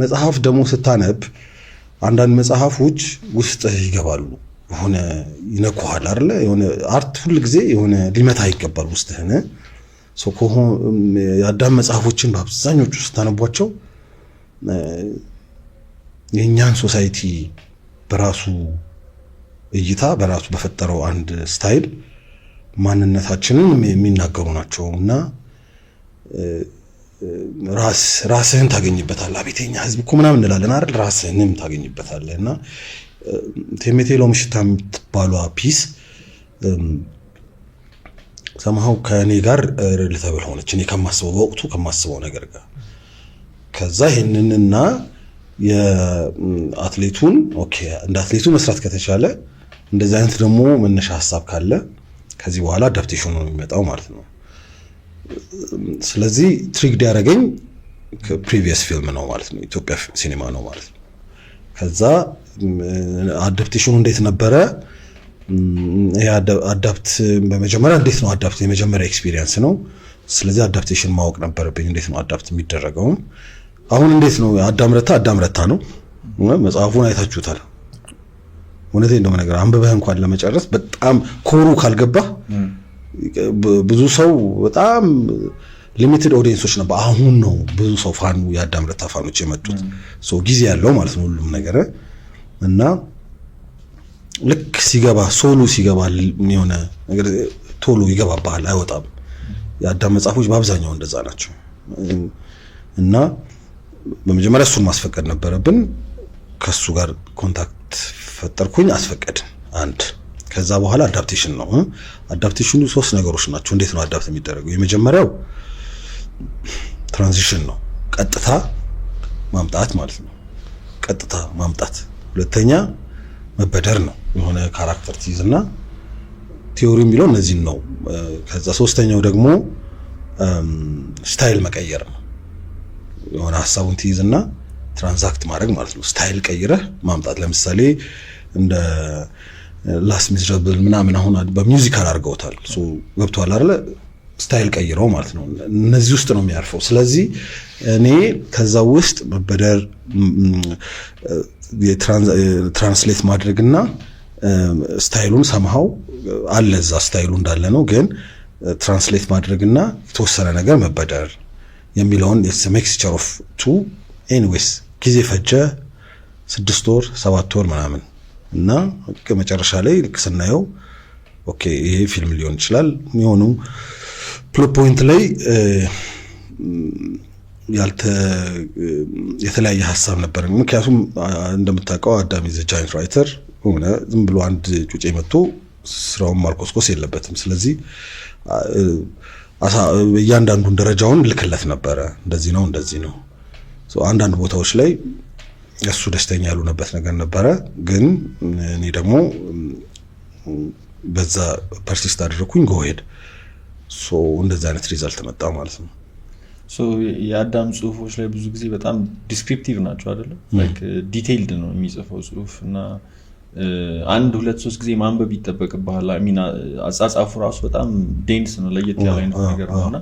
መጽሐፍ ደግሞ ስታነብ አንዳንድ መጽሐፎች ውስጥ ይገባሉ የሆነ ይነኩሃል አለ የሆነ አርት ሁል ጊዜ የሆነ ሊመታ ይገባል ውስጥህን የአዳም መጽሐፎችን በአብዛኞቹ ስታነቧቸው የእኛን ሶሳይቲ በራሱ እይታ በራሱ በፈጠረው አንድ ስታይል ማንነታችንን የሚናገሩ ናቸው እና ራስህን ታገኝበታለህ። አቤተኛ ህዝብ እኮ ምናምን እንላለን አይደል? ራስህንም ታገኝበታለህ እና ቴሜቴሎ ምሽታ የምትባሏ ፒስ ሰማሁ ከእኔ ጋር ሪሌተብል ሆነች። እኔ ከማስበው በወቅቱ ከማስበው ነገር ጋር ከዛ ይህንንና የአትሌቱን ኦኬ እንደ አትሌቱ መስራት ከተቻለ እንደዚህ አይነት ደግሞ መነሻ ሀሳብ ካለ ከዚህ በኋላ አዳፕቴሽኑ ነው የሚመጣው ማለት ነው። ስለዚህ ትሪግድ ያደረገኝ ፕሪቪየስ ፊልም ነው ማለት ነው፣ ኢትዮጵያ ሲኔማ ነው ማለት ነው። ከዛ አዳፕቴሽኑ እንዴት ነበረ? አዳፕት በመጀመሪያ እንዴት ነው አዳፕት የመጀመሪያ ኤክስፒሪየንስ ነው። ስለዚህ አዳፕቴሽን ማወቅ ነበረብኝ፣ እንዴት ነው አዳፕት የሚደረገው። አሁን እንዴት ነው አዳም ረታ አዳም ረታ ነው። መጽሐፉን አይታችሁታል። እውነቴን ነው ነገር አንብበህ እንኳን ለመጨረስ በጣም ኮሩ ካልገባህ ብዙ ሰው በጣም ሊሚትድ ኦዲየንሶች ነበር። አሁን ነው ብዙ ሰው ፋኑ የአዳም ረታ ፋኖች የመጡት። ጊዜ ያለው ማለት ነው ሁሉም ነገር እና ልክ ሲገባ ሶሉ ሲገባ የሆነ ነገር ቶሎ ይገባባል፣ አይወጣም። የአዳም መጽሐፎች በአብዛኛው እንደዛ ናቸው እና በመጀመሪያ እሱን ማስፈቀድ ነበረብን። ከሱ ጋር ኮንታክት ፈጠርኩኝ፣ አስፈቀድን አንድ ከዛ በኋላ አዳፕቴሽን ነው። አዳፕቴሽኑ ሶስት ነገሮች ናቸው። እንዴት ነው አዳፕት የሚደረገው? የመጀመሪያው ትራንዚሽን ነው፣ ቀጥታ ማምጣት ማለት ነው። ቀጥታ ማምጣት። ሁለተኛ መበደር ነው። የሆነ ካራክተር ትይዝና ቲዮሪ የሚለው እነዚህን ነው። ከዛ ሶስተኛው ደግሞ ስታይል መቀየር ነው። የሆነ ሀሳቡን ትይዝና ትራንዛክት ማድረግ ማለት ነው። ስታይል ቀይረህ ማምጣት ለምሳሌ እንደ ላስ ሚዝረብል ምናምን አሁን በሚውዚካል አድርገውታል። ገብተዋል አለ ስታይል ቀይረው ማለት ነው። እነዚህ ውስጥ ነው የሚያርፈው። ስለዚህ እኔ ከዛ ውስጥ መበደር ትራንስሌት ማድረግና ስታይሉን ሰምሃው አለ እዛ ስታይሉ እንዳለ ነው፣ ግን ትራንስሌት ማድረግና የተወሰነ ነገር መበደር የሚለውን ሜክስቸር ኦፍ ቱ ኤኒዌይስ ጊዜ ፈጀ። ስድስት ወር ሰባት ወር ምናምን እና መጨረሻ ላይ ልክ ስናየው ኦኬ ይሄ ፊልም ሊሆን ይችላል የሚሆኑ ፕሎ ፖይንት ላይ ያልተ የተለያየ ሀሳብ ነበር። ምክንያቱም እንደምታውቀው አዳሚ ዘ ጃይንት ራይተር ሆነ ዝም ብሎ አንድ ጩጬ መጥቶ ስራውን ማልኮስኮስ የለበትም። ስለዚህ እያንዳንዱን ደረጃውን ልክለት ነበረ። እንደዚህ ነው እንደዚህ ነው አንዳንድ ቦታዎች ላይ እሱ ደስተኛ ያልሆነበት ነገር ነበረ። ግን እኔ ደግሞ በዛ ፐርሲስት አደረግኩኝ። ጎሄድ እንደዚ አይነት ሪዛልት መጣ ማለት ነው። የአዳም ጽሁፎች ላይ ብዙ ጊዜ በጣም ዲስክሪፕቲቭ ናቸው አይደለም፣ ዲቴይልድ ነው የሚጽፈው ጽሁፍ እና አንድ ሁለት ሶስት ጊዜ ማንበብ ይጠበቅብሃል። አጻጻፉ ራሱ በጣም ዴንስ ነው፣ ለየት ያለ አይነት ነገር ነው እና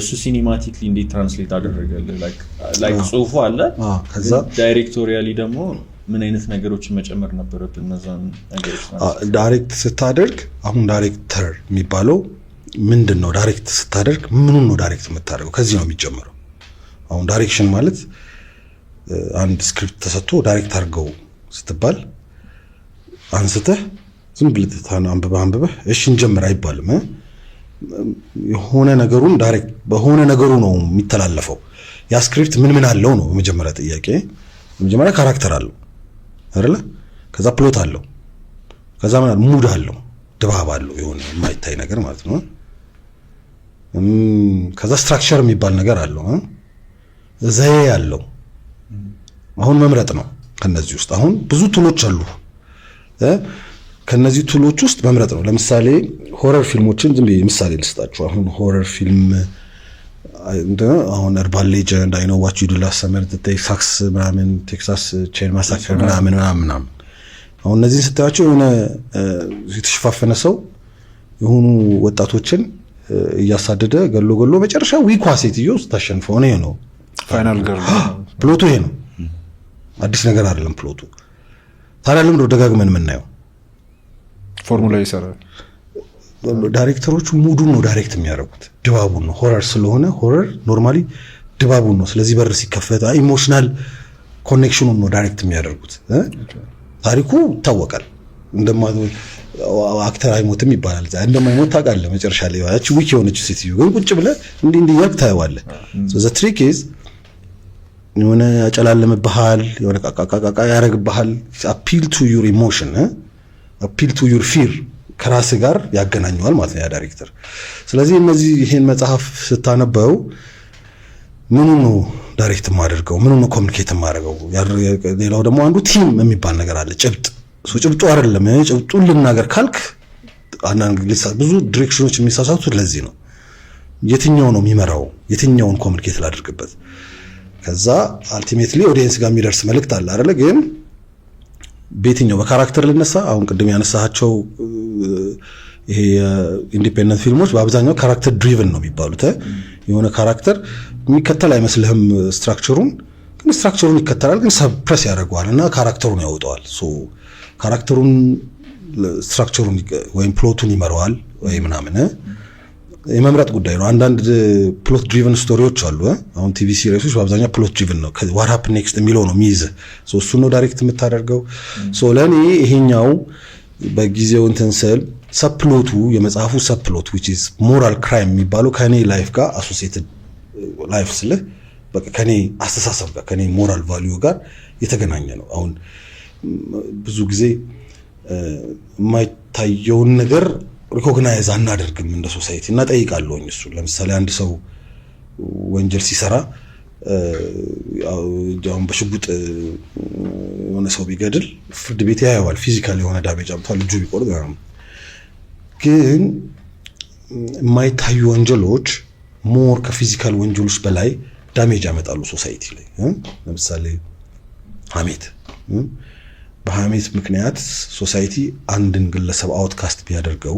እሱ ሲኒማቲክሊ እንዴት ትራንስሌት አደረገልህ? ጽሁፉ አለ፣ ከዛ ዳይሬክቶሪያሊ ደግሞ ምን አይነት ነገሮችን መጨመር ነበረብን? እነዛን ነገሮች ዳይሬክት ስታደርግ አሁን ዳይሬክተር የሚባለው ምንድን ነው? ዳይሬክት ስታደርግ ምኑን ነው ዳይሬክት የምታደርገው? ከዚህ ነው የሚጀምረው። አሁን ዳይሬክሽን ማለት አንድ ስክሪፕት ተሰጥቶ ዳይሬክት አድርገው ስትባል አንስተህ ዝም ብለህ አንብበህ አንብበህ እሺ እንጀምር አይባልም። የሆነ ነገሩን ዳይሬክት በሆነ ነገሩ ነው የሚተላለፈው። ያ ስክሪፕት ምን ምን አለው ነው የመጀመሪያ ጥያቄ። የመጀመሪያ ካራክተር አለው አይደለ? ከዛ ፕሎት አለው፣ ከዛ ምን ሙድ አለው፣ ድባብ አለው፣ የሆነ የማይታይ ነገር ማለት ነው። ከዛ ስትራክቸር የሚባል ነገር አለው፣ ዘዬ አለው። አሁን መምረጥ ነው ከነዚህ ውስጥ አሁን ብዙ ቱሎች አሉ ከነዚህ ቱሎች ውስጥ መምረጥ ነው። ለምሳሌ ሆረር ፊልሞችን ዝም ብዬ ምሳሌ ልስጣችሁ። አሁን ሆረር ፊልም አሁን እርባን ሌጀንድ አይነዋች ዩዱላ ሰመር ቴክሳስ ምናምን ቴክሳስ ቼን ማሳፈር ምናምን ምናምን አሁን እነዚህን ስታያቸው የሆነ የተሸፋፈነ ሰው የሆኑ ወጣቶችን እያሳደደ ገሎ ገሎ መጨረሻ ዊኳ ሴትዮ ስታሸንፈ ሆነ ነው ፕሎቱ ይሄ ነው። አዲስ ነገር አይደለም ፕሎቱ። ታዲያ ልምዶ ደጋግመን የምናየው ፎርሙላ ይሰራል። ዳይሬክተሮቹ ሙዱን ነው ዳይሬክት የሚያደርጉት፣ ድባቡን ነው። ሆረር ስለሆነ ሆረር ኖርማሊ ድባቡን ነው። ስለዚህ በር ሲከፈት ኢሞሽናል ኮኔክሽኑን ነው ዳይሬክት የሚያደርጉት። ታሪኩ ይታወቃል። አክተር አይሞትም ይባላል። እንደማይሞት ታውቃለህ። መጨረሻ ላይ ያች ዊክ የሆነችው ሴትዮ ግን ቁጭ ብለህ እንዲህ እንዲህ እያልክ ታየዋለህ። ዘ ትሪክ ኢዝ የሆነ ባህል የሆነ ቃቃቃቃ ያደርግብሃል። አፒል ቱ ዩር ኢሞሽን አፒል ቱ ዩር ፊር ከራስ ጋር ያገናኘዋል ማለት ነው ያ ዳይሬክተር። ስለዚህ እነዚህ ይሄን መጽሐፍ ስታነበው ምኑ ነው ዳይሬክት የማደርገው ምኑ ነው ኮሚኒኬት የማደርገው። ሌላው ደግሞ አንዱ ቲም የሚባል ነገር አለ። ጭብጥ እሱ ጭብጡ አይደለም ጭብጡ ልናገር ካልክ አንዳንድ ብዙ ዲሬክሽኖች የሚሳሳቱት ለዚህ ነው። የትኛው ነው የሚመራው? የትኛውን ኮሚኒኬት ላድርግበት? ከዛ አልቲሜትሊ ኦዲየንስ ጋር የሚደርስ መልእክት አለ አይደለ ግን በየትኛው በካራክተር ልነሳ፣ አሁን ቅድም ያነሳቸው ይሄ የኢንዲፔንደንት ፊልሞች በአብዛኛው ካራክተር ድሪቭን ነው የሚባሉት። የሆነ ካራክተር የሚከተል አይመስልህም ስትራክቸሩን፣ ግን ስትራክቸሩን ይከተላል፣ ግን ሰፕረስ ያደርገዋል እና ካራክተሩን ያወጠዋል። ካራክተሩን ስትራክቸሩን ወይም ፕሎቱን ይመረዋል ወይ ምናምን የመምረጥ ጉዳይ ነው። አንዳንድ ፕሎት ድሪቨን ስቶሪዎች አሉ። አሁን ቲቪ ሲሪሶች በአብዛኛው ፕሎት ድሪቨን ነው። ዋትሀፕ ኔክስት የሚለው ነው የሚይዝ እሱ ነው ዳይሬክት የምታደርገው። ለእኔ ይሄኛው በጊዜው እንትን ስል ሰፕሎቱ የመጽሐፉ ሰፕሎት ዊች ኢዝ ሞራል ክራይም የሚባለው ከእኔ ላይፍ ጋር አሶሲየትድ ላይፍ ስልህ በቃ ከኔ አስተሳሰብ ጋር ከኔ ሞራል ቫሊዩ ጋር የተገናኘ ነው። አሁን ብዙ ጊዜ የማይታየውን ነገር ሪኮግናይዝ አናደርግም እንደ ሶሳይቲ እና ጠይቃለሁኝ። እሱ ለምሳሌ አንድ ሰው ወንጀል ሲሰራ ሁን በሽጉጥ የሆነ ሰው ቢገድል ፍርድ ቤት ያየዋል። ፊዚካል የሆነ ዳሜጅ አምቷል፣ እጁ ቢቆርጥ ግን የማይታዩ ወንጀሎች ሞር ከፊዚካል ወንጀሎች በላይ ዳሜጅ ያመጣሉ ሶሳይቲ ላይ። ለምሳሌ ሀሜት፣ በሀሜት ምክንያት ሶሳይቲ አንድን ግለሰብ አውትካስት ቢያደርገው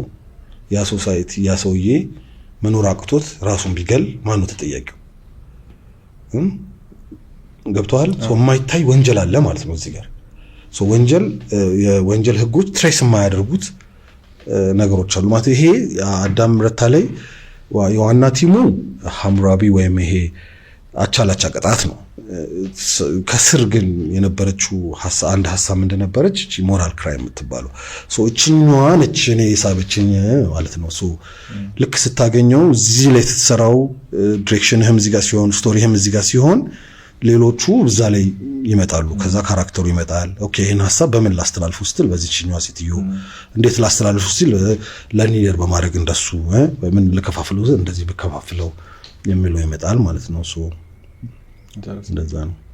ያ ሶሳይቲ ያ ሰውዬ መኖር አቅቶት ራሱን ቢገል ነው ተጠያቂው? ገብተዋል። የማይታይ ወንጀል አለ ማለት ነው እዚህ ጋር ወንጀል የወንጀል ህጎች ትሬስ የማያደርጉት ነገሮች አሉ ማለት ይሄ አዳም ረታ ላይ የዋና ቲሙ ሐምራቢ ወይም ይሄ አቻላቻ ቅጣት ነው ከስር ግን የነበረችው አንድ ሀሳብ እንደነበረች እቺ ሞራል ክራይ የምትባለው እችኛዋ ነች እኔ የሳበችኝ ማለት ነው። ልክ ስታገኘው እዚህ ላይ ስትሰራው ዲሬክሽንህም እዚጋ ሲሆን፣ ስቶሪህም እዚህ ጋር ሲሆን ሌሎቹ እዛ ላይ ይመጣሉ። ከዛ ካራክተሩ ይመጣል። ኦኬ ይህን ሀሳብ በምን ላስተላልፍ ስትል በዚችኛ ሴትዮ እንዴት ላስተላልፍ ስትል ለኒደር በማድረግ እንደሱ በምን ልከፋፍለው እንደዚህ ብከፋፍለው የሚለው ይመጣል ማለት ነው። Interessant. Würde